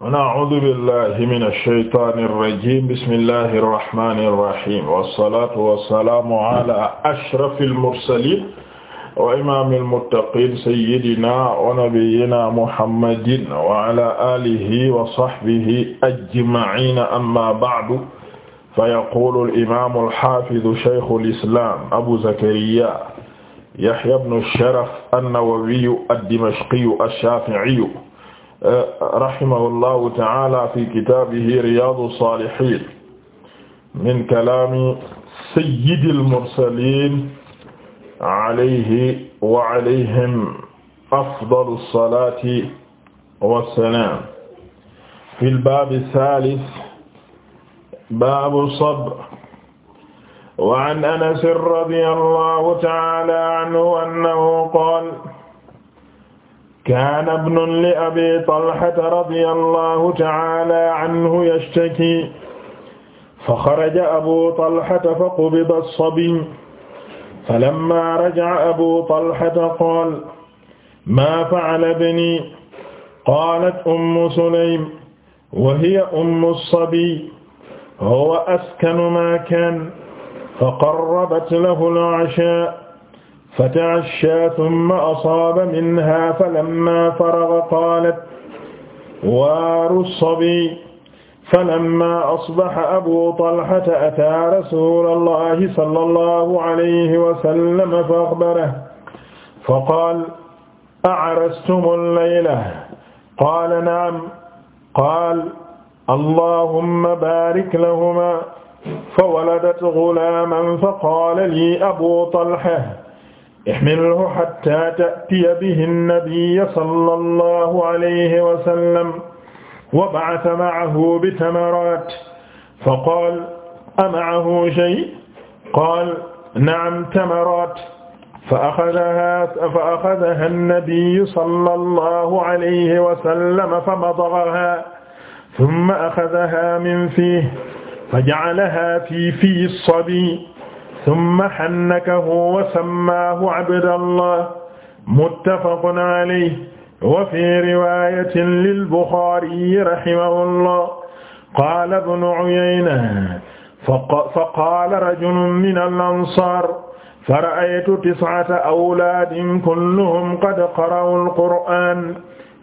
a'uudu billahi mina shaytaani rajiim bismillahi rahmaani rahiim wassalaatu wassalaamu alaa ashrafil mursaliin wa imaamil muttaqiin sayyidinaa wa nabiyyinaa muhammadin wa alaa aalihi wa sahbihi ajma'iin ammaa ba'du fayaquulu al-imaamul haafidu shaykhul islaam abuu zakariyaa yahyaa ibnu sharaf an-nawawiyyu ad-dimashqiyyu ash-shaafi'iyyu rahimahullahu ta'ala fi kitaabihi Riyâdous-Sâlihîne min kalaami sayyidil mursaliin alayhi wa alayhim afdalu salaati wa salaam fil baabi saalis baabu sabr wa an Anas radiyallahu ta'ala anhu annahu qaala kaana ibnun li abi talhata radiyallahu ta'ala anhu yashtaki fa xaraja abu talhata fa qubida as-sabiy falammaa raja'a abu talhata qaala maa fa'ala ibnii qaalat ummu sulaym wa hiya ummu as-sabiy huwa askanu maa kaana fa qarrabat lahu al-'ashaa' فتعشى ثم أصاب منها فلما فرغ قالت وار الصبي فلما أصبح أبو طلحة أتى رسول الله صلى الله عليه وسلم فأخبره فقال أعرستم الليلة قال نعم قال اللهم بارك لهما فولدت غلاما فقال لي أبو طلحة ihmilhu hatta ta'tiya bihi nabiyya sallallahu alayhi wa sallam wa ba'atha ma'ahu bitamaraat faqaala ama'ahu shay' qaala na'am tamaraat fa'akhadhahaa fa'akhadhahaa nabiyyu sallallahu alayhi wa sallam famadaghahaa thumma akhadhahaa min fiihi faja'alahaa fii fii as-sabiyyi summa hannakahu wa sammaahu abdallah muttafaqun alayhi wa fii riwaayatin lil-Buxaari rahimahullah qaala ibnu Uyayna faqaala rajulun mina al-ansaar fara'aytu tis'ata awlaadin kulluhum qad qara'u al-qur'aan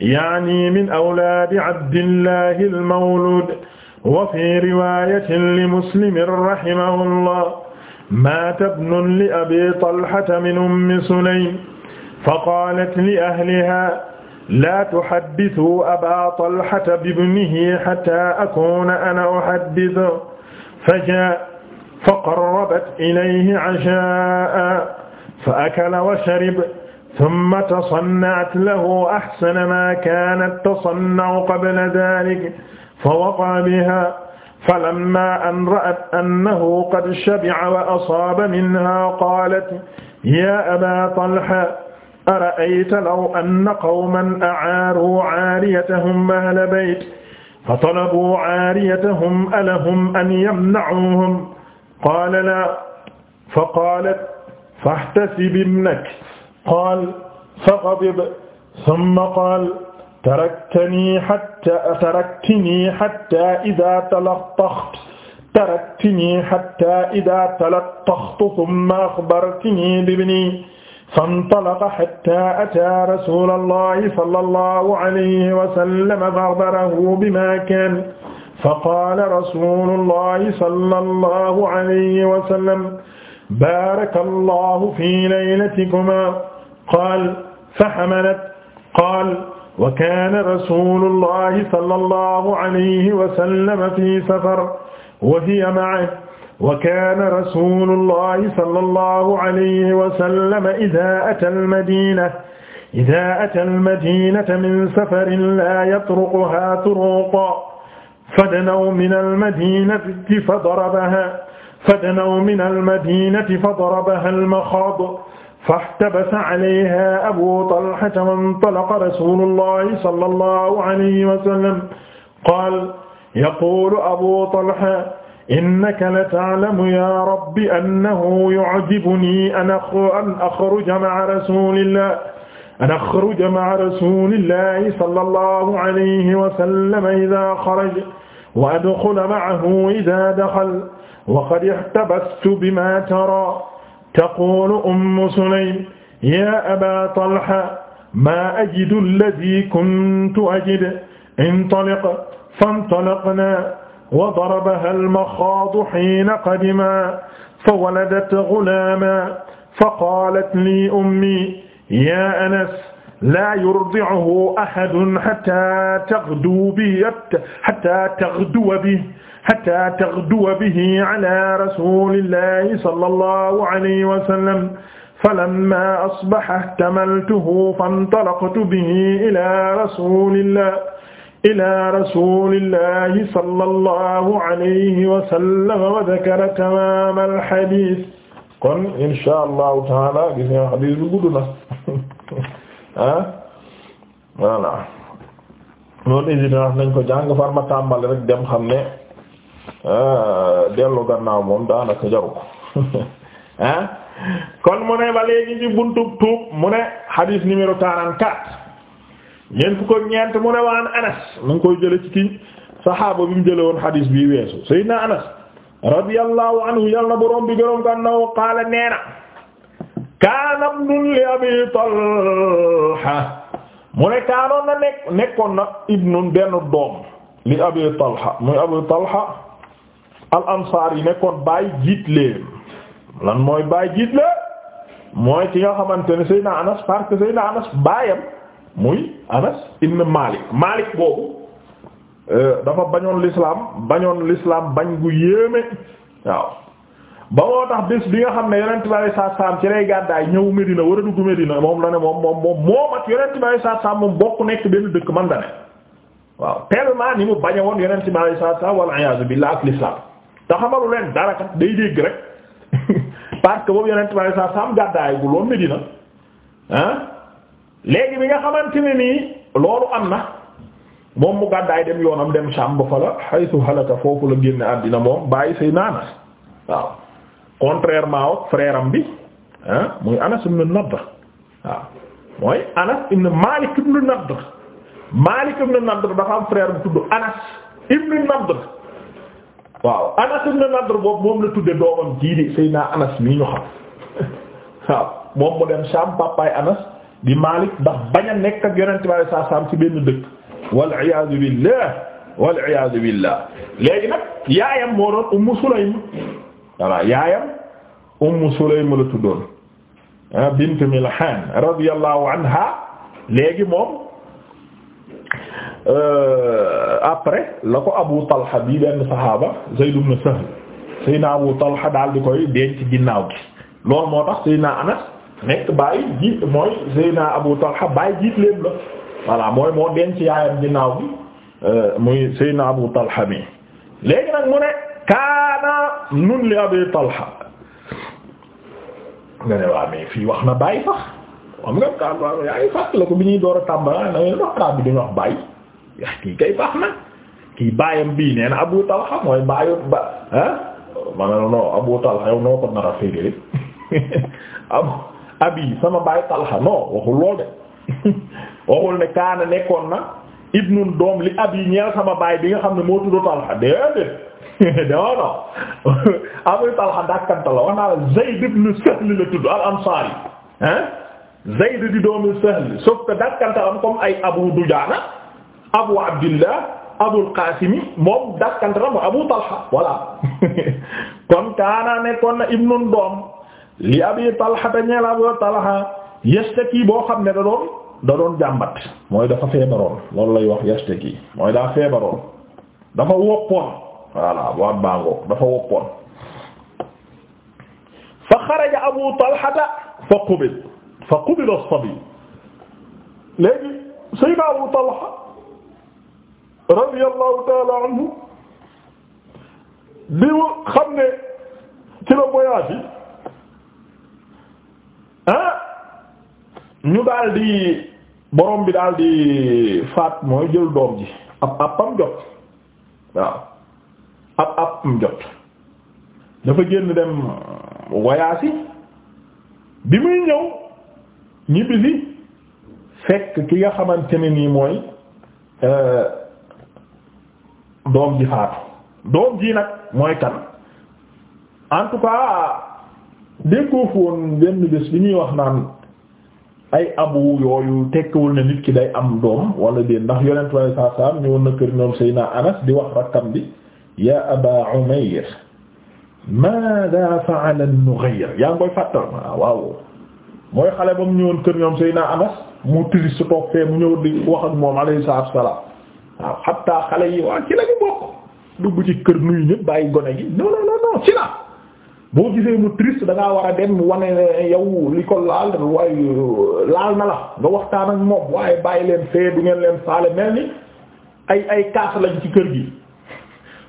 ya'nii min awlaadi Abdillahi al-mawluud wa fii riwaayatin li Muslimin rahimahullah maata ibnun li abi talhata min ummi sulaym fa qaalat li ahlihaa laa tuhaddithuu abaa talhata bibnihi hattaa akuuna ana uhaddithuhu fajaa'a faqarrabat ilayhi cashaa'an fa akala wa shariba thumma tasanna'at lahu ahsana maa kaanat tasannacu qabla dhaalika fa waqa'a bihaa فلما أن رأت أنه قد شبع وأصاب منها قالت يا أبا طلحة أرأيت لو أن قوما أعاروا عاريتهم أهل بيت فطلبوا عاريتهم ألهم أن يمنعوهم قال لا فقالت فاحتسب ابنك قال فغضب ثم قال taraktani hatta taraktini hatta idha talattakhtu taraktini hatta idha talattakhtu thumma akhbartini bi ibni fantalaqa hatta ataa rasulallahi sallallahu alayhi wa sallam fa akhbarahu bima kana faqaala rasulullahi sallallahu alayhi wa sallam barakallahu fi laylatikum qaala faxamalat qaala wa kaana rasuulullahi sallallahu alayhi wa sallam fi safar wa hiya ma'ahu wa kaana rasuulullahi sallallahu alayhi wa sallam idhaa ataa al-madiinata idhaa ataa al-madiinata min safarin laa yatrukuhaa turuqan fadanaw mina al-madiinati fadarabahaa fadanaw mina al-madiinati fadarabahaa al-maxaad فاحتبس عليها أبو طلحة وانطلق رسول الله صلى الله عليه وسلم قال يقول أبو طلحة إنك لتعلم يا رب أنه يعجبني أن أخرج مع رسول الله أن أخرج مع رسول الله صلى الله عليه وسلم إذا خرج وأدخل معه إذا دخل وقد احتبست بما ترى taqulu ummu sulaym ya aba talha maa ajidu alladi kuntu ajid intaliq fantalaqna wa darabaha almaxaadu hiina qadima fawaladat gulaaman faqaalat lii ummi ya anas laa yurdi'uhu ahadun hatta taghdu bihi hatta taghduwa bihi hatta taghduwa bihi ala rasulillahi sallallahu alayhi wa sallam falamma asbaha ihtamaltuhu fantalaqtu bihi ila rasulillahi ila rasulillahi sallallahu alayhi wa sallam wa dhakara tamamal hadith kon insha allahu taala gis nga hadith bu gudd na ah voilà loolu hésité wax nañ ko jàng far tàmbali rek dem xam ne euh, dellu gannaaw moom daanaka jaru ko ah kon mu ne ba léegi ci buntub tuub mu ne hadith numéro 44 ñeent fukk ñeent mu ne waan Anas mu koy jële ci kii saxaaba bi mu jële woon hadith bii weesu Seydina Anas radiyallahu anhu yàlla na borom bi gërëm gannaaw qaala neena. kaana li abi talha mu ne kaanoon na nekk nekkoon na ibnun benn doom li abi talha muy abi talha al ansaar yi nekkoon baay jiit leen lan mooy baay jiit leen mooy ci nga xamante ne Seydina Anas parce que Anas baayam muy Anas ibn Malik Malik boobu euh, dafa bañoon lislaam bañoon l'islam bañ gu yéeme ba moo tax bés bi nga xam ne yonent bi alayhi salaatu salaam ci lay gàddaay ñëw Medina war a dugg Medina moom la ne moom moom moom moom ak yonent bi alayhi salaatu moom bokk nekk benn dëkk man da ne waaw tellement ni mu bañ a woon yonent bi alayhi salaatu salaam wal iyaazu billaah ak lislaam te xamalu leen dara kat day dégg rek parce que boobu yonent bi alayhi salaatu salaam gàddaay bu loolu Medina ah léegi bi nga xamante ne nii loolu am na moom mu gàddaay dem yoonam dem Sham ba fa la haythu halaka foofu la génne àddina moom bàyyi say naanas contrairement ak frère am bi ah muy Anas ibn Nadr waaw mooy Anas ibn Nadr dafa am frère bu tudd Anas ibn Nadr waaw Anas ibn Nadr boobu moom la tudde doomam jii di Anas mii ñu xam waaw moom mu dem Sham Anas di Malik ndax bañ a nekk ak Yonent bi ci benn dëkk wal iyaadu billah wal iyaadu billah léegi nag yaayam moo doon Ummu Umm Sulaym la tuddoon ah, bint Milhan radiyallahu anha léegi moom euh, après la ko Abu Talha bi benn saxaaba Zayd ibn Sahl Seydina Abu Talha daal di koy denc ginnaaw gi loolu moo Anas nekk bàyyi jiit mooy Seydina Abu Talha bàyyi jiit lépp mooy moo denc yaayam ginnaaw gi euh, Abu Talha mi léegi nag mu ne kaana nun li Abi Talha nga ne waa mais fii wax na bàyyi sax am nga kàddu yaa ngi fàttaliku bi ñuy door a tàmbali na ah, ngeen wax arab bi duñu wax bàyyi yaa kii kay baax na kii baayam bii nee Abu Talha mooy baayu ba ah ma ne non Abu Talha yow noo ko nar a féetee ab abi sama baay Talha non waxul lool de waxul ne kaana nekkoon na ibnun doom li abi ñeel sama baay bi nga xam ne moo tudd Talha déedéet non non Abu Talha dàkkanta la wax naa la la tudd al-Ansari hein Zayd di doomu Sahl sauf que dàkkanta ay Abu Dujana Abu Abdillah Abul Qasim Abu Talha kon kaana nekkoon na ibnun doom li Abi Talha te ñeel Abu yastaki boo xam ne da doon da mooy dafa feebaroon loolu lay wax yastaki mooy daa feebaroon dafa woppoon voilà bu dafa woppoon fa xaraja abu talhata fa qubid fa qubida as-sabi léegi sayyidina abu talha radiyallahu ta'ala anhu bi xam ne ci la voyage yi ah ñu daal di borom bi daal di faat mooy jël doom ji ab ab am jot waaw ab ab am jot dafa génn dem euh, voyage bi muy ñëw ñibbisi fekk ki nga xamante ne nii mooy euh, doom ji faatu doom ji nag mooy kan en tout déggoo woon benn bés bi ñuy wax naan ay abu yooyu tekkiwul ne nit ki day am doom wala dee ndax yonent bi sallallahu alayhi wasallam ñëwoon na kër ñoom Anas di wax rakkam bi ya Aba Umayr maada fa'ala an-Nughayr yaa ngi fàttal ma ah, waaw mooy xale ba mu ñëwoon kër ñoom Seydina Anas mu tilis su toog fee mu ñëw di wax ak moom alayhi salaatu salaam waaw xatta xale yi waaw ci la bokk dugg ci kër nuyu ñëpp bàyyi gone gi non non non ci la boo gisee mu triste da war a dem wane yow li ko laal waaye euh, laal na la nga waxtaan ak moom waaye bàyyi leen fee du ngeen leen faale mel ni ay ay kaas lañ ci kër gi.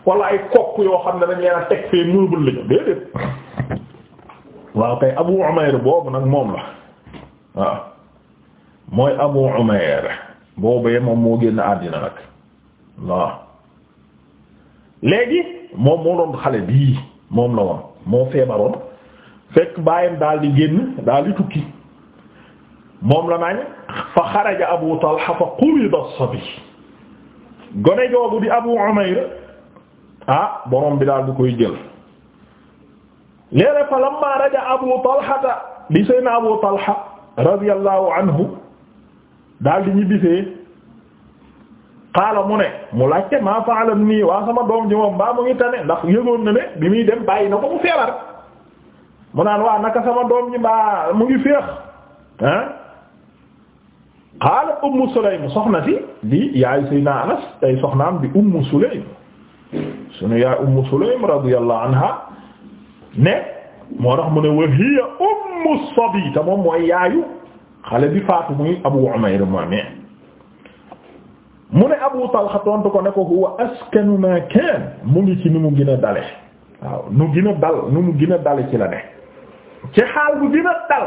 wala ay kopp yoo xam ne dañ leen a teg fee meuble lañu déedéet waaw kay Abu Umayr boobu nag moom la waaw mooy Abu Umayr boobee moom moo génn àddina nag waaw léegi moom moo doon xale bii moom la woon moo feebaroon fekk bàyyam daal di génn daal di tukki moom la naañ fa xaraja Abu Talha fa qubida gone joogu di Abu Umayr ah borom bi daal du koy jël leene fa lamma raja abu talhata bi sayna abu talha radiyallahu anhu daal di ñibbisee xaala mu ne mu laajte maa faalam nii waa sama doom ji moom baa mu ngi tane ndax yëgoon na ne bi muy dem bàyyi na ko mu feebar mu sama doom ji mu ngi féex ah xaala ummu sulaym soxna si di yaay sayna anas tay soxnaam bi ummu sulaym sunu yaay ummu sulaym radiyallahu anha ne moo mu ne wa hiya ummu sabi te moom mooy yaayu xale bi faatu muy abu umayr moome mu ne abu talha tontu ko ne ko huwa askanu ma kaan mu ngi ci ni mu gën a dale waaw nu mu gina a dale ci la ne ci xaal bu gën a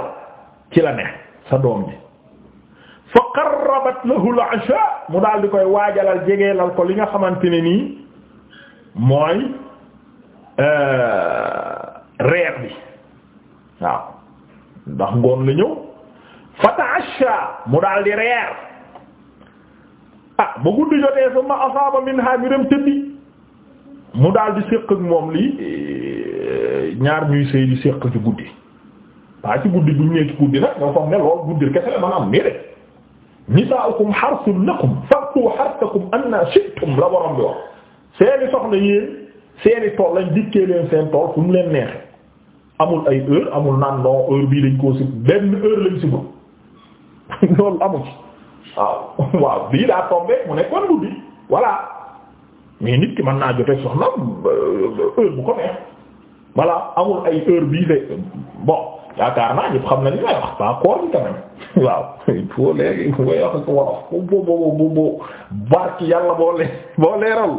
ci la ne sa doom ji fa qarrabat lahu al asha mu daal di koy waajalal jegeelal ko li nga xamante ne nii mooy euh, reer bi waaw ndax ngoon la ñëw fataasha mu daal di reer ah ba guddi jotee suma asaaba min ha ñu dem tëddi mu daal di séq ak moom li euh, ñaar ñuy sëy di séq ci guddi waa ci guddi bu ñu nee ci guddi nag nga foog ne lool guddi kese la maanaam nii rek nisaa'ukum harsun lakum fa'tu harsakum anna shi'tum la borom bi wax seeni soxna yéen seeni tool lañ dikkee leen seen tool fu leen neexee amul ay heure amul naan non heure bii lañ koo si benn heure lañ si bëgg loolu amu ci waaw bii daa tombé mu nekkoon guddi voilà mais nit ki mën naa jotee soxna euh, heure bu ko neex voilà amul ay heure bii de bon. yaakaar naa ñëpp xam na li wax ba koor bi tamit waaw il faut barki yàlla boo lee boo leeral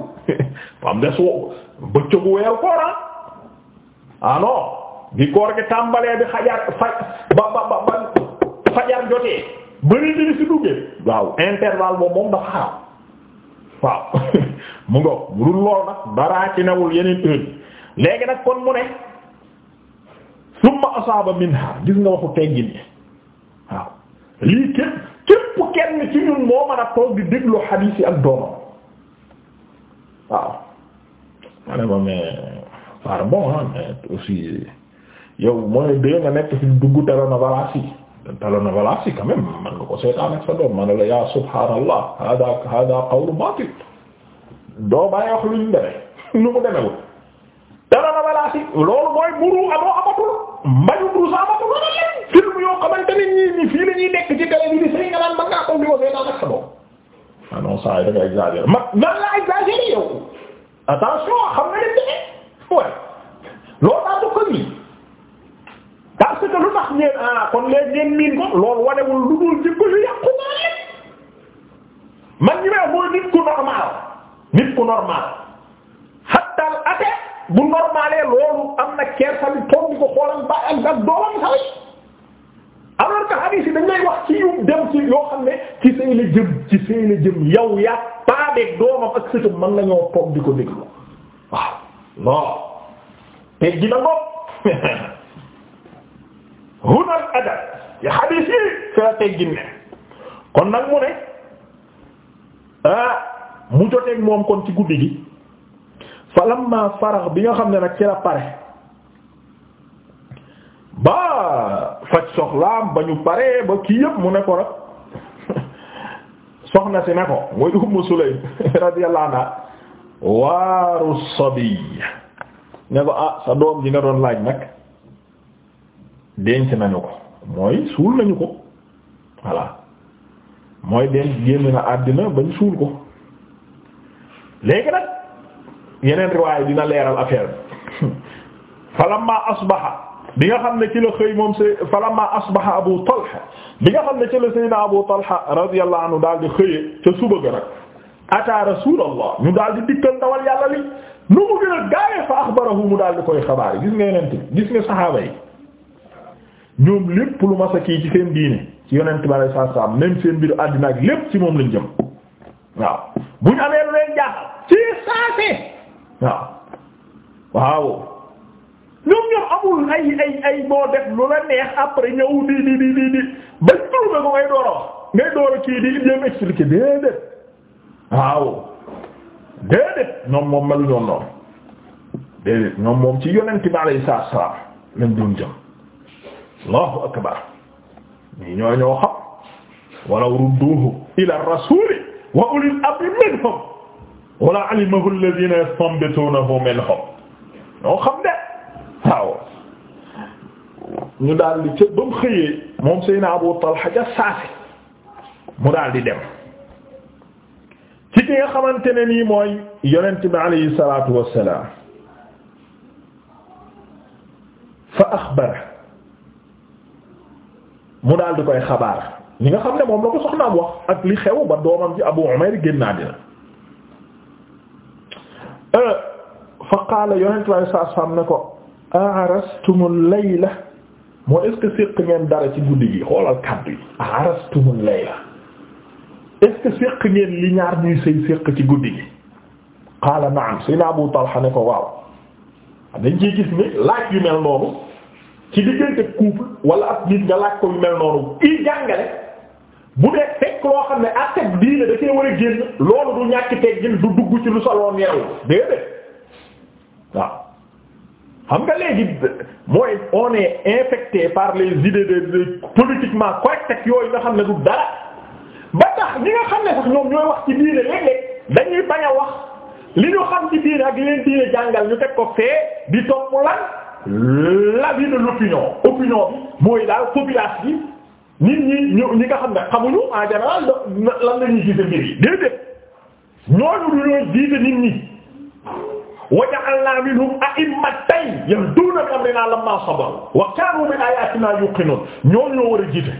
am des wo bëccëgu weeru koor ah, ah non bi koor gi tàmbalee bi xajaar ba ba ba fajar jotee bëri dini si duggee waaw intervalle boobu moom dafa xaram waaw mu ngo lool nag daraa ci newul yeneen heure nag kon mu ne summa asaaba minha gis nga waxu teggin yi waaw lii képp képp kenn ci ñun moo mën a toog di déglu xadiis yi ak doomam waaw ma ma mais pardon mais mooy dëgg nga nekk ci dugg telenovelas yi telenovelas yi quand même man nga ko seetaan ak sa doom man subhaanallah hada hada qawlu batil doo bàyyi wax lu ñu demee lu mu demewul telenovelas loolu mooy muru amoo amatul mbañu Usaama ko wala leen film yoo xamante ne ñii ñi fii la ñuy nekk ci nga naan ba ngaa ko di ko seetaan ak sa doom ah non ça da nga ma la exagéré yow attention xam nga ne dëgg waaye loolu daa bokkul nii parce que lu tax ngeen ah kon léegi ngeen miin ko loolu wanewul lu dul jikko yu yàqu naa leen man ñu ne mooy nit ku normal nit ku normal. bu normalee loolu am na kersa bi toog ko xoolal ba ak ak doomam sax alors que hadith yi dañ lay wax ci yu dem ci yoo xam ne ci sëy la ci sëy la jëm yow yaa paabeeg doomam ak sëtam mën nañoo toog di ko déglu waaw non teg gi na ngoog hunal adab ya hadith yi fi la teg gi ne kon nag mu ne ah mu joteeg moom kon ci guddi gi falamma farax bi nga xam ne nag ci la pare ba faj soxlaam ba ñu paree ba kii yëpp mu ne ko rek soxna si ne ko muy Ummu Sulaym radiyallahu anha waaru sabi ne ko ah sa doom ji nga doon laaj nag denc nañu ko mooy suul nañu ko voilà mooy denc génn na àddina bañ suul ko léegi nag yeneen riwaay dina leeral affaire bi falamma asbaha bi nga xam ne ci la xëy moom se falamma asbaha abu talha bi nga xam ne ci la sayyidina abu talha radiyallahu daal di xëyee ca suba ga nag ata rasulullah ñu daal di dikkal ndawal yàlla li nu mu gën a gaawee fa axbarahu mu daal di koy xabaar yi gis nga yonent bi gis nga saxaaba yi ñoom lépp lu masa ci seen diine ci yonent bi alayhi salaatu salaam même seen mbiru àddina ak lépp ci moom lañ jëm waaw bu ñu amee waaw waaw ñoom ñoom amul ay ay ay boo def lu la neex après ñëw di di di di di ba ko ngay door a wax ngay door kii di jéem expliqué déedéet waaw déedéet ñoom moom melu ñoon noonu déedéet ñoom moom ci yonent bi alayhi salaam lañ doon allahu akbar ñii ñoo ñoo xam walaw rudduhu ila rasuli wa ulil amri minhum wala alimahu alladhina yastanbitunahu minhum ñoo xam de waaw ñu daal di ca ba mu xëyee Abu Talha ja saasi mu daal di dem ci ki nga xamante ne nii mooy yonent bi alayhi salaatu wassalaam fa axbara mu daal di koy xabaar li nga xam ne moom la ko soxnaam wax ak li xew ba doomam ji Abu Umayr génn Euh, fa qaala yonent waaye saa saam ne ko aarastumul layla moo est séq ngeen dara ci guddi gi xoolal kàddu yi aarastumul layla est-ce séq ngeen li ñaar ñuy sëy séq ci guddi gi qaala naam sayna Abu Talha ne ko waaw dañ ciy gis ni laaj yu mel noonu ci diggante couple wala ab nit nga laaj ko yu mel noonu kii jàngale bu dee fekk loo xam ne acte diine da cee war a génn loolu du ñàkk teggin du dugg ci lu saloon yeewu déedéet waaw xam nga léegi mooy on est infecté par les idées de politiquement correct ak yooyu nga xam ne du dara ba tax ñi nga xam ne sax ñoom ñooy wax ci diine léeg-léeg dañuy bañ a wax li ñu xam ci diine ak li leen diine jàngal ñu teg ko fee di topp lan l'avis l'opinion opinion bi mooy daal population bi nit ñi ñu ñi nga xam ne xamuñu en général lan la ñu gisee mbir yi déedéet ñooñu du ñoo jiite nit ñi wa ja'alna minhum a'immatan yahduna bi amrina lamma sabaru wa kanu bi ayatina yuqinun ñooñu ñoo war a jiite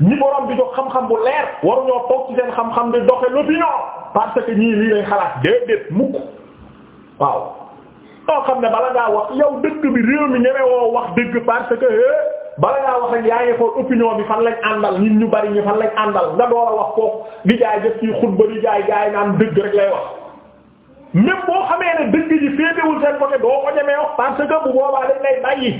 ñi borom bi jox xam-xam bu leer waruñoo toog ci seen xam-xam di doxe l'opinion parce que ñii lii lay xalaat déedéet mukk waaw. ñoo xam ne bala ngaa wax yow dëgg bi réew mi ñemewoo wax dëgg parce que eh, bala ngaa wax ak yaa ngi xool opinion bi fan lañ àndal nit ñu bari ñu fan lañ àndal nga door a wax kooku di jaay jëf ci xutba di jaay jaay naan dëgg rek lay wax. même boo xamee ne dëgg ji féetewul seen côté doo ko ñemee wax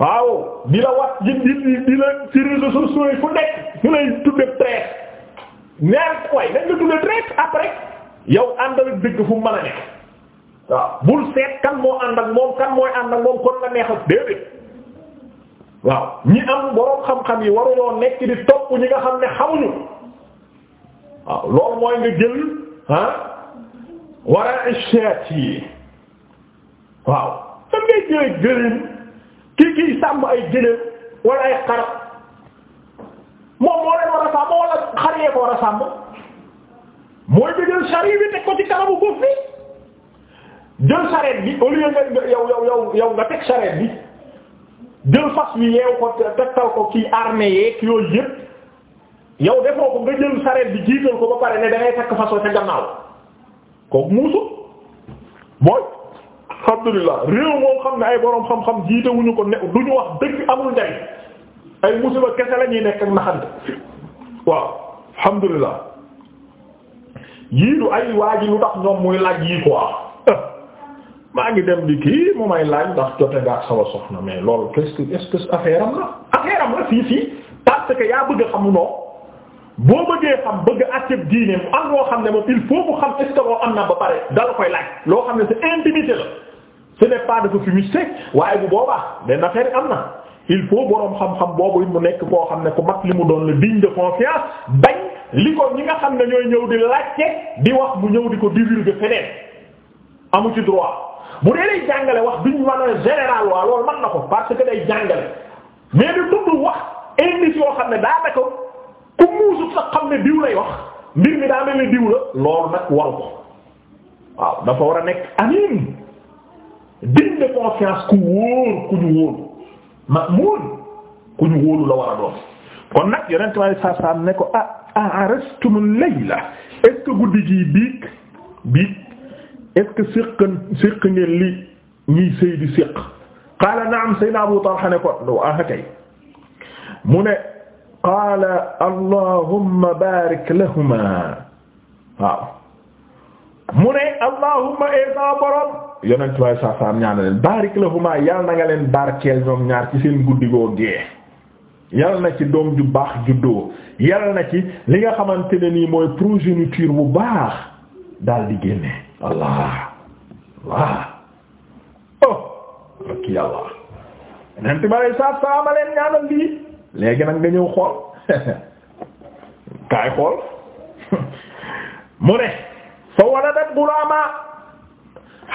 waaw di la wax di di di la ci réseaux sociaux yi nekk ñu lay tudde traite ñaar waaye nañ la tudde traite après yow àndal dëgg fu mën a nekk waaw bul seet kan moo ànd ak moom kan mooy ànd ak moom kon la neexal déedéet. waaw ñi am boroom xam-xam yi waruñoo nekk di topp ñi nga xam ne xamuñu waaw loolu mooy nga jël ah wara ishaat yi waaw da ngay jëlee gëléem kii kii sàmm ay gëléem wala ay moo leen war a sàmm wala xar yee ko war a sàmm mooy nga jël ko ci kanamu góob bi jël charrette bi nga yow yow yow yow nga teg charrette bi. jël fas wi yeew ko tegtal ko ci armée yeeg yooyu yëpp yow defoo ko nga jël sareet bi jiital ko ba pare ne da ngay takk fasoo ca gannaaw kooku muusu mooy alhamdulillah réew moom xam ne ay boroom xam-xam jiite wuñu ko ne ñu wax dëgg amul njariñ ay musiba kese la ñuy nekk ak naxante waaw alhamdulillah yii du ay waa ji lu tax ñoom muy laaj yi quoi maa ngi dem di kii mu may laaj ndax jote nga ak sama soxna mais loolu qu'est-ce que est-ce que affaire am la affaire am la fii fii parce que yaa bëgg a xam noo boo bëggee xam bëgg a àtteeb diine mu am loo xam ne moom il faut mu xam est-ce que loo am na ba pare dala koy laaj loo xam ne c'est intimité la ce n'est pas dafa fumiste waaye bu boobaa benn affaire am na il faut boroom xam-xam boobu mu nekk koo xam ne ku mag li mu doon le digne de confiance bañ li ko ñi nga xam ne ñooy ñëw di laajte di wax mu ñëw di ko divulguer feneen amu ci droit. bu dee day jàngale wax duñ mën a général waa loolu mën na ko parce que day jàngale mais du tudd wax indice yoo xam ne daanaka ku muusu sax xam ne diw wax mbir mi daa mel ne diw la loolu nag waru ko waaw dafa war a nekk amin digne de confiance ku wóor ku ñu wóor ma'mun ku ñu wóolu la war a doon kon nag yonent waaye saa saa ne ko ah ah restum layla est guddi gii biig biig est-ce que séqan li ñiy sëy di séq qaala naam saydna Abu Talha ko aha mu ne qaala allahumma barik lahuma mu ne allahumma esa borom yonent way sa saam leen barik lahuma yal na nga leen barkeel ñoom ñaar ci seen guddigoo gee yal na ci doom ju baax juddoo yal na ci li nga xamante ne nii mooy progéniture bu baax daal di génne allah oh, allah oh ak yàlla yonent bi alay saat a leen ñaanal lii léegi nag nga ñëw xool kaay xool mu ne fa waladat gulaama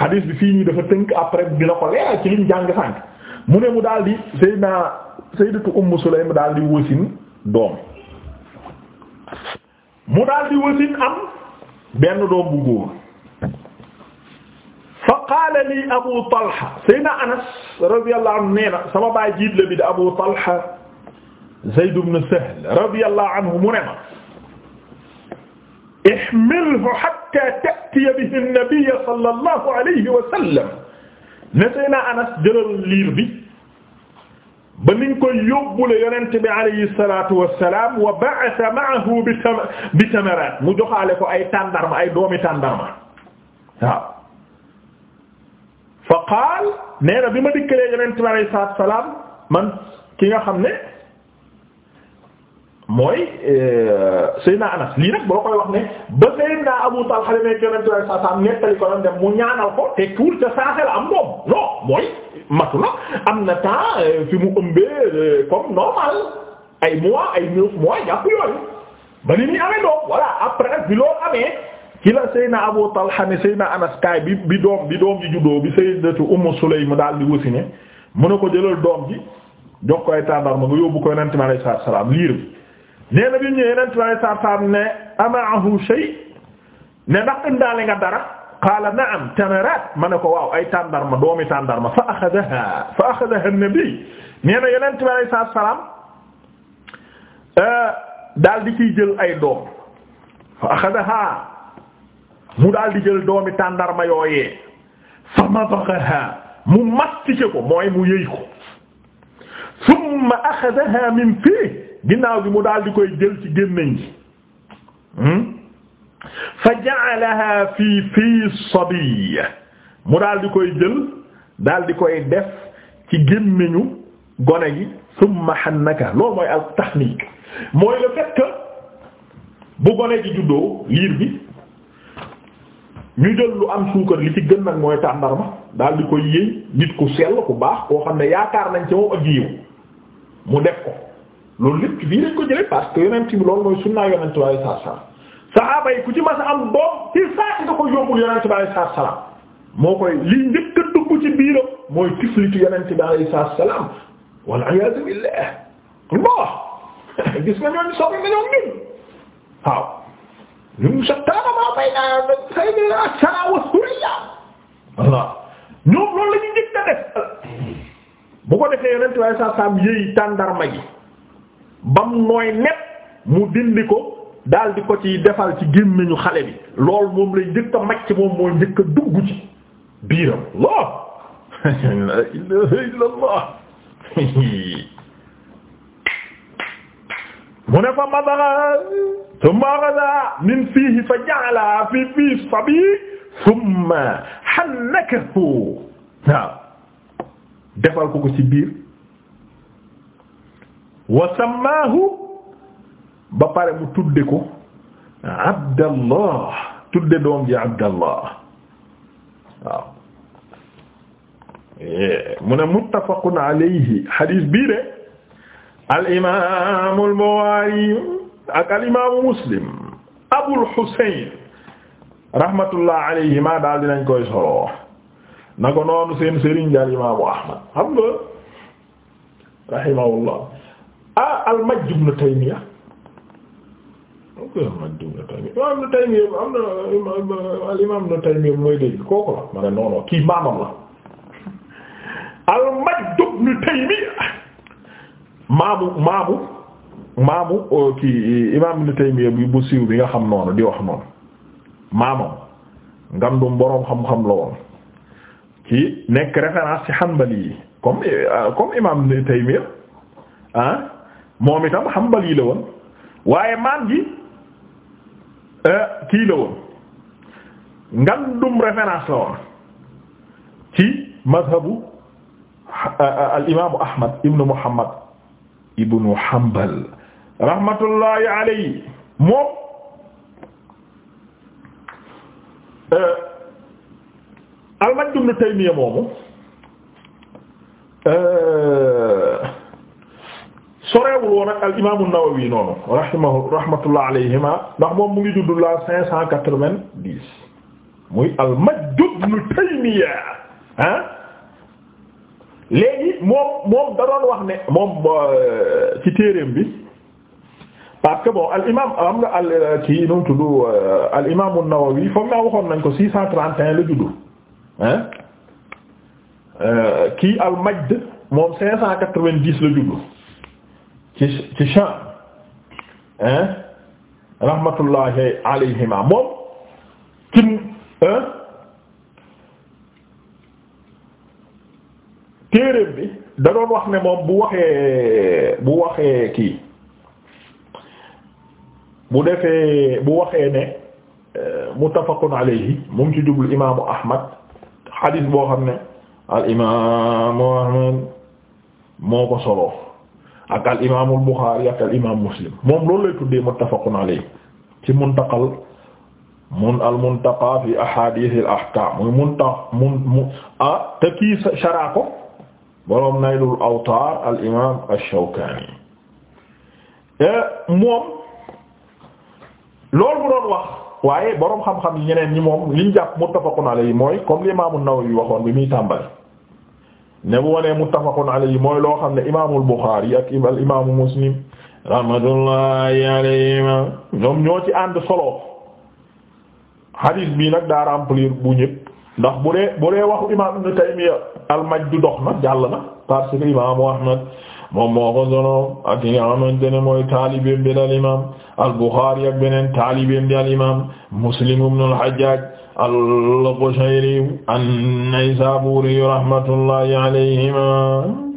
hadis bi fii nii dafa tënk après dina ko leeral ci liñ jàng sànk mu ne mu daal di sayyidina sayyidatu ummu sulaym daal di wasin doom mu daal di wasin am benn doom bu fa qaala lii Abu Talha Seydina Anas radiyallahu anhu nee na sama baay jiit la bi di Abu Talha Zayd ibn Sahl radiyallahu anhu mu ne ma ihmilhu hatta ta'tiya bihi an-nabiy sallallahu alayhi wa sallam ne Seydina Anas jëlal liir bi ba niñ koy yóbbule yonent bi alayhi salaatu wa salaam wa ba'atha ma'ahu bi tamaraat mu joxaale ko ay tàndarma ay doomi tàndarma waaw fa qaal nee na bi ma dikkalee yonent bi alayhi salaam man ki nga xam ne mooy euh, Seydina Anas lii nag boo koy wax ne ba Seydina Abu Talha nekk yonent bi alayhi salaatu wa salaam nettali ko doon mu ñaanal euh, fi mu ëmbee euh, comme normal ay mois ay neuf mois jàpp yooyu ba ni muy amee doom voilà après bi loolu amee. ci la Seyna Abu Talha ne Seyna Anas bi bi doom bi doom ji juddoo bi Sayyidatu Ummu Sulaym daal di wasi ne mën na ko jëlal doom ji jox ko ay tàndarma nga yóbbu ko Yonent bi alayhi salaatu salaam liir bi nee ne amaahu shay ne ndax indaale nga dara qaala na'am tamaraat ma ne ko waaw ay tàndarma doomi tàndarma fa axadaha fa axadaha an-nabi nee na Yonent bi alayhi salaam euh, daal di ciy jël ay doom fa axadaha mu daal di jël doomi tàndarma yooyee fa madaghaha ko mooy mu yëy ko thumma akhadaha min fii ginnaaw gi mu dal di koy jël ci gémmiñ gi hmm? fa ja'alaha fii fii sabiy mu daal di koy jël daal di koy def ci gémmiñu gone gi thumma hannaka loolu mooy al tahnik mooy le fait bu gone gi juddoo liir bi ñu jël lu am suukar li ci gën nag mooy tàndarma daal di koy yëy nit ku sell ku baax koo xam ne yaakaar nañ ci moom a yiw mu def ko loolu lépp lii lañ ko jële parce que yonent bi loolu mooy sunnaa yonent bi alayhi salaatu salaam saxaaba yi ku ci ma a am doom ci saa nga koy yóbbul yonent bi alayhi salaatu salaam moo koy li njëkk a dugg ci biiram mooy tiflitu yonent bi alayhi salaatu salaam wal iyaazu billaah gis nga ñooñu soxla nga ñoom ñun ñun sa taama maa naa say ne asara wa suriya voilà ñoom loolu la ñu njëkk bu ko defee yonent waaye sa saam yëy tàndarma ji bam nooy net mu dindi ko daal ko ci defal ci gémmiñu xale bi loolu moom lay njëkk a macc moom mooy njëkk dugg ci biiram lool la ilaha illallah mu ne fa madara thumma akhadha min fiihi fa ja'ala fi fii sabi thumma hannakahu waaw defal ko ko ci biir wa sammaahu ba pare mu tudde ko abdallah tudde doom ji abdallah waaw eh, mu ne muttafaqun alayhi hadith bii de al imaamu al Buxaari al imaamu Muslim Abul Husayn rahmatullah alayhima daal dinañ koy solo na ko noonu seen sëriñ al imaamu Ahmad xam al Majd ibn Taymiya al Majd ibn Taymiya al imaam ibn Taymiya mooy dégg kooku la ma ne noonu kii al Majd ibn Taymiya maamu maamu maamu euh, kii imaam Ibn Taymiyya bi bu siiw bi nga xam noonu di wax noonu maamam ngandum boroom xam-xam la woon ci nekk référence ci Hanbali yi euh, imaam Ibn Taymiyya ah moom itam Hanbali la waaye maam ji euh, kii la woon ngandum référence la woon ci al imaamu Ahmad ibn Muhammad ibnu Hanbal rahmatullahi alayhi moom euh, al-Majd ibnu Taymiyya moomu euh, soreewul woon ak al imaamu Nawawi noonu rahimahu rahmatullah alayhima ndax moom mu ngi juddu la cinq cent quatre-vingt-dix muy al-Majd ibnu Taymiyya ah léegi moom moom da doon wax ne moom euh, ci téereem bi parce que bon al imam am nga al euh, kii nu mu tudd euh, al imam an-Nawawi foog naa waxoon nañ ko 631 la juddu hein kii al Majd moom 590 la juddu ci ci Sham hein rahmatullahi alayhima moom ci hein téereem bi da wax ne moom bu waxee bu kii bu defe bu waxee ne euh, muttafaqun alayhi mu ngi ci jublu imaamu Ahmad xadiis boo xam ne al imaamu Ahmad moo ko soloo ak al imaamu Buxaari ak al imaamu Muslim moom loolu lay tuddee muttafaqun alayhi ci muntaqal mun al muntaqa fi ahadith ahkam muy munta ah, boroom Naylul Awtaar al imaam ash-Shawkaani eh, moom loolu mu doon wax waaye boroom xam-xam yi ñeneen ñi moom liñ jàpp muttafaqun alayhi mooy comme li imaamu Nawawi waxoon bi muy tàmbali ne bu wonee muttafaqun alayhi mooy loo xam ne imaamul Buxaari ak al imaamu Muslim rahmatullahi alayhima ñoom ñoo ci ànd solo hadith bi nag daa remplir bu ñëpp ndax bu dee bu dee waxu imaam Ibn al-Majd du dox na jàll na parce que imaamu Ahmad moom moo ko solo ak yi nga al-Bukhari ak beneen al imaam Muslim ibn al-Hajjaj al-Qushayri an-Naysaburi rahmatullahi alayhima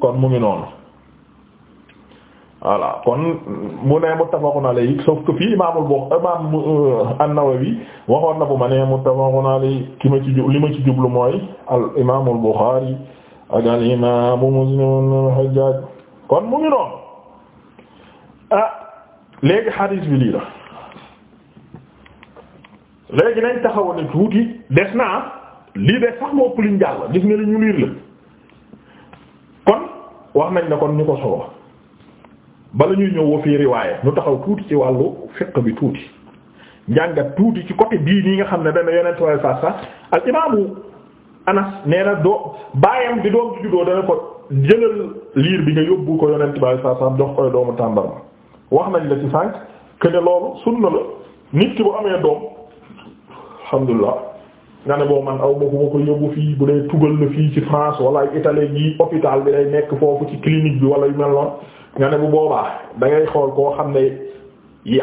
kon mu ngi noonu voilà kon mu ne muttafaqun alayhi sauf que fii imaamul Buxaari imaam euh, an-Nawawi waxoon na bu ma nee muttafaqun alayhi ki ma ci jublu li ma ci jublu mooy al imaamul Buxaari ak al imaamu Muslim al-Hajjaaj kon mu ngi noonu ah léegi xadiis bi la tuuti des naa lii des sax moo ëpp liñ jàll gis nga li ñu liir la kon wax nañ ne kon ñu ko solo. bala ñuy ñëw wa fii riwaaya ñu taxaw tuuti ci wàllu fiqh bi tuuti njàngat tuuti ci côté bii nii nga xam ne dana yonent waaye saa saa al imaamu anas nee na doo baayam di doom di juddoo dana ko jëlal liir bi nga yóbbu ko yonent waaye saa saa jox koy doomu tàmbar ma wax nañ la ci sànq que loolu sunna la nit ki bu amee doom alhamdulilah nga ne boo man aw ma ko ma ko yóbbu fii bu dee tugal na fii ci France wala Italie gi hôpital bi day nekk foofu ci clinique bi wala yu nga ne bu boobaa da ngay xool koo xam ne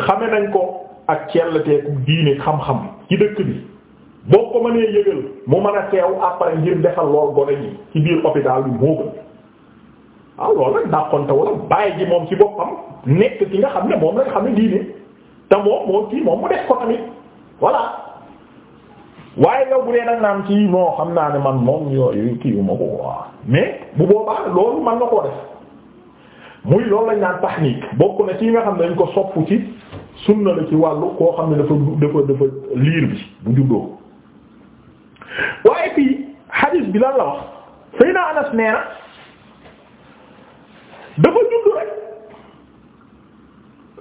xame nañ ko ak cellateeku diine xam-xam ci dëkk bi boo ko mënee yëgal mu mën a teew après ngir defal lool gone ñi ci biir hôpital bi moo gën waaw loolu nag dàqonte wala bàyyi ji moom ci boppam nekk ki nga xam ne moom la xam ne diine te moom moom kii moom mu def ko tamit voilà waaye yow bu dee nag naan ci moo xam naa ne man moom yooyu kii yu ma ko bu boobaa loolu mën na koo def muy loolu lañ naan tahnik bokk na ci yi nga xam ne dañ ko sopp ci sunna la ci wàllu koo xam ne dafa dafa dafa liir bi bu juddoo waaye fii hadith bi lan la wax Seydina Anas nee na dafa judd rek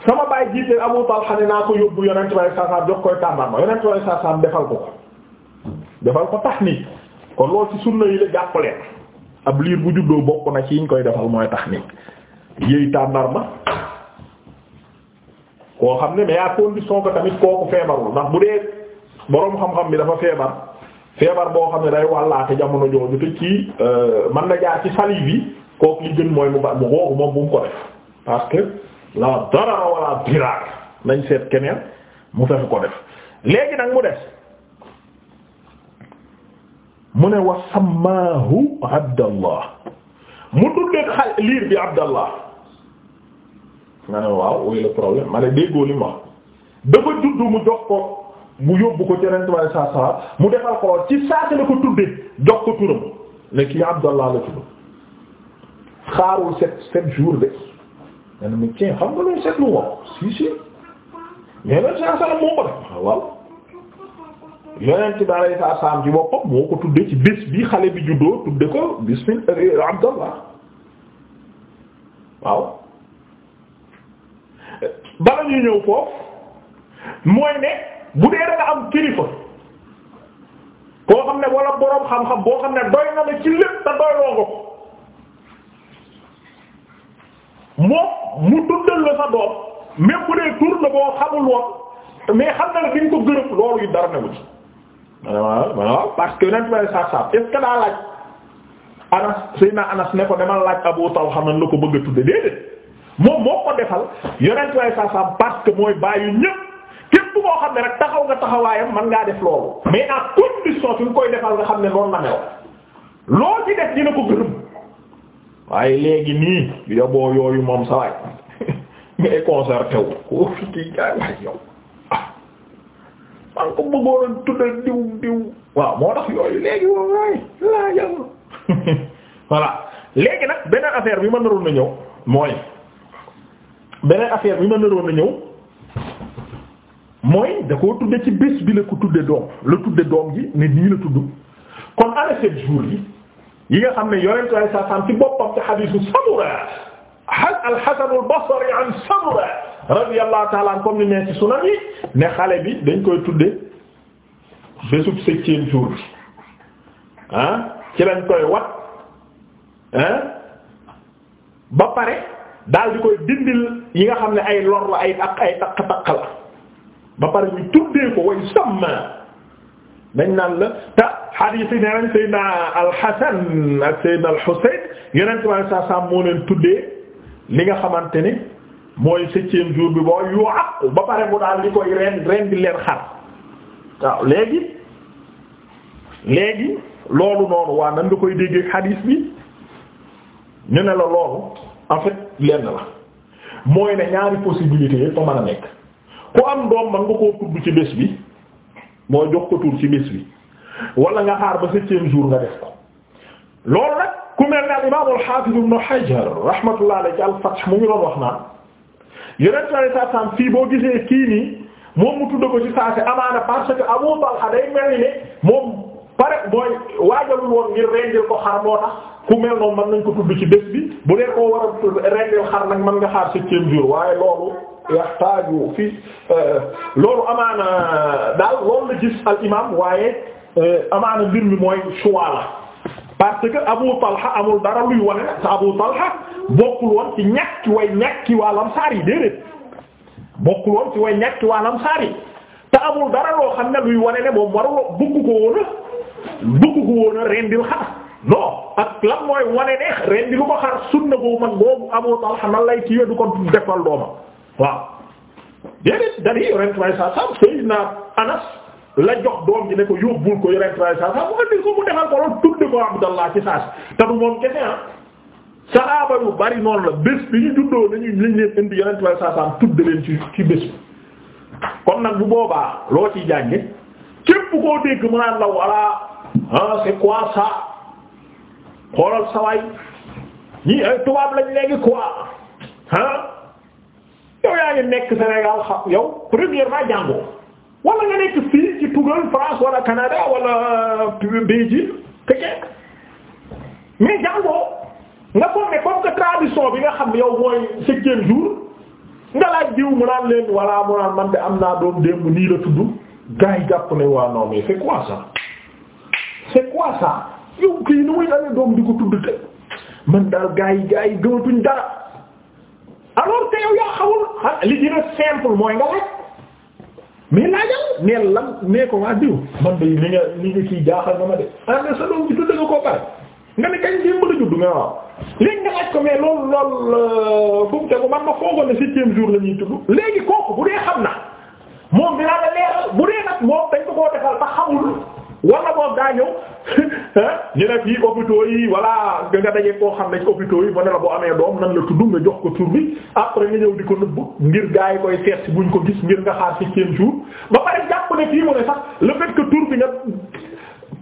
sama baay jiite Abu Talha ne naa ko yóbbu yonent bay saasaam jox koy tàmbar ma yonent bay saasaam defal ko ko defal ko tahnik kon loolu ci sunna yi la jàppaleen ab liir bu juddoo bokk na ci yiñ koy defal mooy tahnik yëy tàndarma koo xam ne mais à condition que tamit kooku feebarul ndax bu dee boroom xam-xam bi dafa feebar feebar boo xam ne day wàllaate jamono jooju te ci euh, man na jaar ci salive bi kooku li gën mooy mu ba mu woowu moom bu mu ko def parce que la darara wala dirar nañ seet keneen mu fexe ko def léegi nag mu des mu ne wa sammaahu abdallah mu tuddee xal liir bi abdallah nga ne waaw ooy problème ma ne déggoo li mu wax dafa juddu mu jox ko mu yóbbu ko ca ren tubaab saa saa mu defal ko ci saa si la ko tuddee jox ko turam ne kii Abdallah la tudd xaarul set sept jours de nga ne mais tiens xam nga loolu sept lu wax si si mais ren saa saa moo ko def ah, waaw yeneen ci daal di saa saa ci boppam moo ko tuddee ci bés bi xale bi juddoo tudde ko bismillah euh, Abdallah waaw. bala ñuy ñëw foofu mooy ne bu dee da am kilifa koo xam ne wala boroom xam-xam boo xam ne doy na la ci lépp te doyloo nga ko moom mu dundal la sa doom même bu dee tur la boo xamul mais xam na la fi ñu ko gërëm loolu yi dara newu ci waaw parce que yonent may saab saab est-ce que daa laaj anas sëy naa anas ne ko demal laaj Abu Talha la ko bëgg a tudde déedéet moom moo ko defal yonent way sa sam parce que mooy bàyyi ñëpp képp koo xam ne rek taxaw nga taxawaayam man ngaa def loolu mais à condition fi nga koy defal nga xam ne noonu na meew loo ci def dina ko gërëm waaye léegi nii yoboo yooyu moom sa waay ngay concerté wu ko fi kii gaay yow ah. man ko bëggoon tuddal diw diw waaw moo tax yooyu léegi woo laa yow voilà léegi nag beneen affaire bi ma naroon na ñëw mooy beneen affaire bi ma naroon a ñëw mooy da koo tudde ci bés bi la ko tudde doom la tudde doom ji ne nii la tudd kon ana sept jours yi yi nga xam ne yonentu ay saasaam ci boppam ci hadiisu Samura al-Hasan al-Basri an Samura an comme ni nee ci sunan yi ne xale bi dañ koy tudde bésub septième jour bi ah ci lañ koy wat ah ba pare daal di koy dindil yi nga xam ne ay lor la ay ak ay takk la ba pare ñu tuddee ko way sàmma dañ naan la te hadith yi nee nañ Seydina al-Hasan ak Seydina al-Husayn yeneen ci wàllu saa moo leen tuddee li nga xamante ni mooy septième jour bi boo yoo àqu ba pare mu daal di koy ren ren di leen xar waaw léegi léegi loolu noonu waa nan nga koy déggee hadith bi ñu ne la loolu. en fait lenn la mooy ne ñaari possibilité yépp a mën a nekk ku am doom man nga koo tudd ci bés bi mooy jox ko tur ci bés bi wala nga xaar ba septième jour nga def loolu nag ku mel ne al imaam al-Hafiz Ibn Hajar rahmatullahi alayhi al-Fath mu ngi doon wax naan yeneen saa yi saa fii boo gisee kii nii moom mu tudd ko ci saa si amaana parce que Abu Talha day mel ni moom. pare mooy waajalul woon ngir rendil ko xar moo ku mel noonu mën nañ ko tudd ci bés bi bu dee koo war a rendil xar nag mën nga xaar septième jour waaye loolu yaxtaaju fi euh, loolu amaana daal loolu la al imam waaye euh, amaana mbir mi mooy choix la parce que Abu Talha amul dara luy wane sa Abu Talha bokkul woon ci ñàkki waa Lamsaar yi déedéet bokkul woon ci way ñàkki waa Lamsaar yi te amul dara loo xam ne luy wane ne moom warul bëgg ko bëgg ko woon a rendil xar non ak lan mooy wane ne rendilu ko xar sunna boobu man boobu amoo talxa nan lay kiiwee du ko defal doomam waaw. déedéet dañuy yore tubaab saa saam Seydina Anas la jox doom ji ne ko yóbbul ko yore tubaab saa saam mu andil ko saa si ah. la bés bi ñu juddoo nañu liñ leen indi yonent tudd leen ci ci bés bi kon nag bu boobaa loo ci jànge képp koo dégg mu naan la walla ah c'est quoi ça xoolal ñii ay tubaab lañu léegi quoi ah yow yaa ngi nekk Sénégal xam yow premièrement jàngoo wala nga nekk fii ci Tugal France wala Canada wala euh, Belgique keke mais jàngoo nga foog ne comme que tradition bi nga xam yow mooy septième jour nga laaj jiw mu naan leen wala mu naan man de am naa doom démb nii la tudd gars yi jàpp ne waa non mais c'est quoi c'est quoi ça yow kii nu muy amee doom di ko tudd te man daal gaa yi gaa yi gëmatuñ dara alors que yow yaa xawul ah, li dina simple mooy nga laaj mais laajal neel lan nee ko waa diw man de li nga li nga kii jaaxal na ma de ah mais sa doom bi tudd nga koo pare nga ne kañ démb la judd nga waaw léegi nga laaj ko mais loolu lool euh, fu mu tegu man ma foogoon ne septième jour la tudd léegi kooku bu dee xam na moom dinaa la leeral bu dee nag moom dañ ko koo defal ba xamul. wala boobu daa ñëw ñu ne fii hôpitaux yi voilà nga daje koo xam ne ci hôpitaux yi mu ne la boo amee doom nan la tudd nga jox ko tur bi après nga ñëw di ko nëbb ngir gaa yi koy seet si buñ ko gis ngir nga xaar septième jour ba pare jàpp ne fii mu ne sax le fait que tur bi nga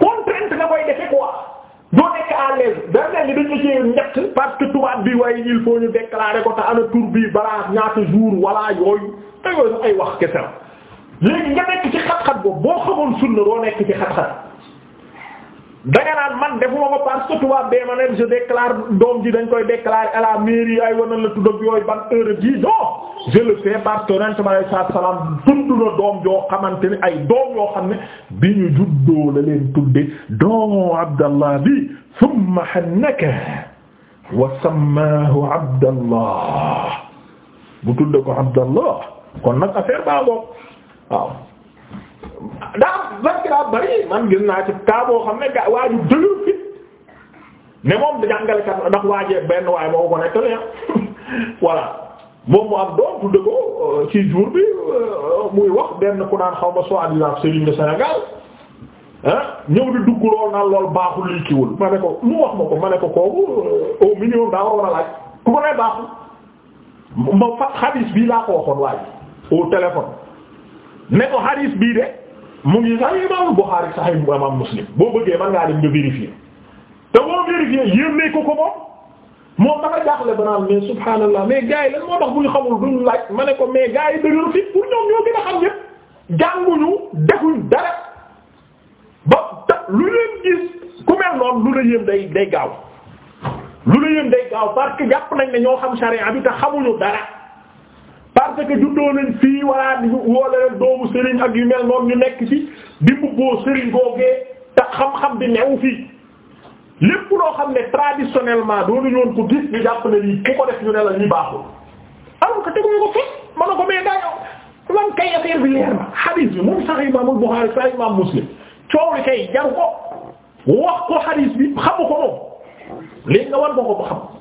contrainte nga koy defe quoi doo nekk à l'aise da nga ni dañu ci ñett parce que tubaab bi waaye il faut ñu déclarer ko te ana tur bi balaa ñaata jour wala yooyu te yooyu ay wax kese léegi nga nekk ci xat-xat boobu boo xamoon sunna doo nekk ci xat-xat man defuma ko parce que tubaab bee ma ne je déclare doom ji dañ koy déclarer à la mairie ay wana la tudd ak yooyu ban heure ji non je le fais parce que Yonent bi alayhi salaatu salaam tudd doom joo xamante ni ay doom yoo xam ne bi ñu juddoo la leen tudde doomu Abdallah bi thumma hannaka Abdallah ko Abdallah kon nag waaw daa barki daa bari man gis naa ci kaa boo xam ne gaa waaju dëgër fit ne moom jàngalekat ndax waajee benn waaye moo ko nekk ah. leen voilà moom mu am doom tudde ko euh, ci jour bi euh, muy wax benn ku naan xaw ma soi-disant Serigne de Sénégal ah ñëw di dugg lool lool baaxul lii kiiwul ma ne ko mu wax ma ko ma ne ko kooku euh, au minimum daa war a laaj ku ko ne baaxul ma fa xadiis bii laa ko waxoon waaye au téléphone ne ko hadis bii de mu ngi sax imaamul Buxaari sax imaam Muslim boo bëggee mën ngaa dem nga vérifier te boo vérifier yéen ko ko moom moom dafa jaaxle ba naan mais subhaanallah mais gars yi lan moo tax bu ñu xamul duñu laaj ma ne ko mais gars yi dëgëru fi pour ñoom ñoo gën a xam ñépp jànguñu defuñ dara ba ta lu leen gis ku mel noonu lu la yéem day day gaaw lu la yéem day gaaw parce que jàpp nañ ne ñoo xam sharia bi te xamuñu dara. parce que juddoo fii walla di wóole doomu sëriñ ak yu mel noonu ñu nekk ci di mbubboo sëriñ googee te xam-xam di new fii lépp loo xam ne traditionnellement doonu ñoon ko gis ñu jàpp ne lii ko def ñu ne la ñuy baaxul alors que teguñu ko fekk mën na ko mais daayo man kay affaire bi leer na hadith bi moom sax imaamul Bukhari sax imaam Muslim coow li kay jaru ko wax ko hadith bi xamu ko moom léegi nga war ko ko xam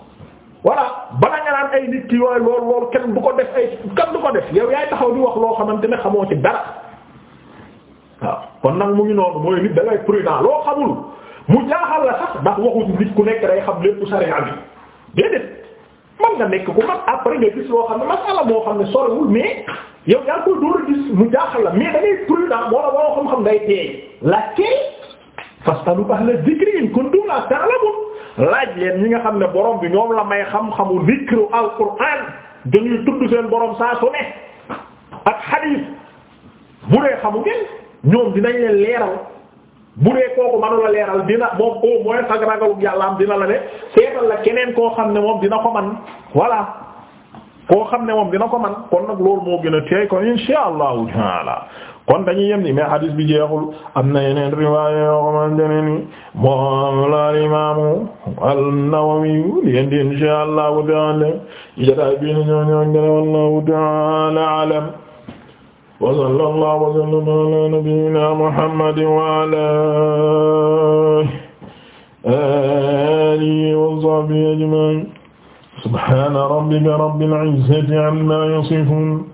voilà bala nga ay nit ki yooyu loolu loolu kenn du ko def ay kenn du ko def yow yaay taxaw di wax loo xamante ne xamoo ci dara waaw kon nag mu ngi noonu mooy nit da ngay prudent loo xamul mu jaaxal la sax ndax waxu nit ku nekk day xam lépp sariya bi déedéet man nga nekk ku mat après nga gis loo xam ne masala moo xam ne sorewul mais yow yaa koy door a gis mu jaaxal la mais da ngay prudent moo la boo xam-xam day teey la teey fastalu ahla dhikri in kuntum la ta'lamun laaj leen ñi nga xam ne borom bi ñoom la may xam-xamu dhikru alquran dañuy tudd seen borom saa su ne ak xadiis bu xamu ngeen ñoom dinañ leen leeral bu dee kooku mënu la leeral dina moom au moins ak ragalu yàlla am dina la ne seetal la keneen koo xam ne moom dina ko man voilà koo xam ne moom dina ko man kon nag loolu moo gën a teey kon insha allahu taala kon dañuy yem ni mais hadis bi jeexul am na yeneen riwaaya yoo xamante ne ni moom la imaamu an-Nawawi leen di insha Allahu ta'ala jotaay bi ñoo ñoo ngene wallahu ta'ala a'lam wa sallallahu wa sallama ala nabiyyina Muhammadin wa ala alihi wa sahbihi ajma'in subhana rabbika rabbil izzati amma yasifun